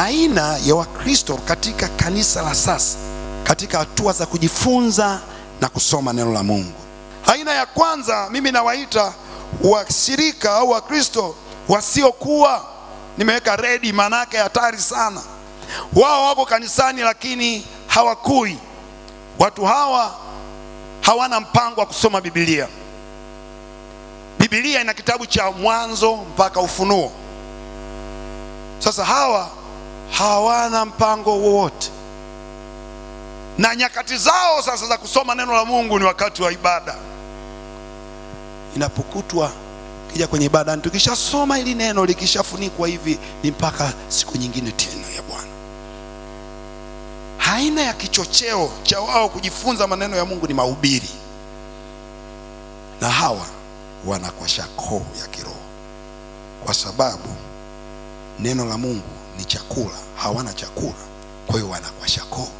aina ya Wakristo katika kanisa la sasa katika hatua za kujifunza na kusoma neno la Mungu. Aina ya kwanza mimi nawaita washirika au Wakristo wasiokuwa, nimeweka redi, maanake hatari sana. Wao wako kanisani lakini hawakui. Watu hawa hawana mpango wa kusoma Biblia. Biblia ina kitabu cha Mwanzo mpaka Ufunuo. Sasa hawa hawana mpango wowote, na nyakati zao sasa za kusoma neno la Mungu ni wakati wa ibada. Inapokutwa kija kwenye ibada, tukishasoma hili neno likishafunikwa hivi, ni mpaka siku nyingine tena ya Bwana. Aina ya kichocheo cha wao kujifunza maneno ya Mungu ni mahubiri, na hawa wanakwasha koo ya kiroho, kwa sababu neno la Mungu ni chakula, hawana chakula, kwa hiyo wanakwasha koo.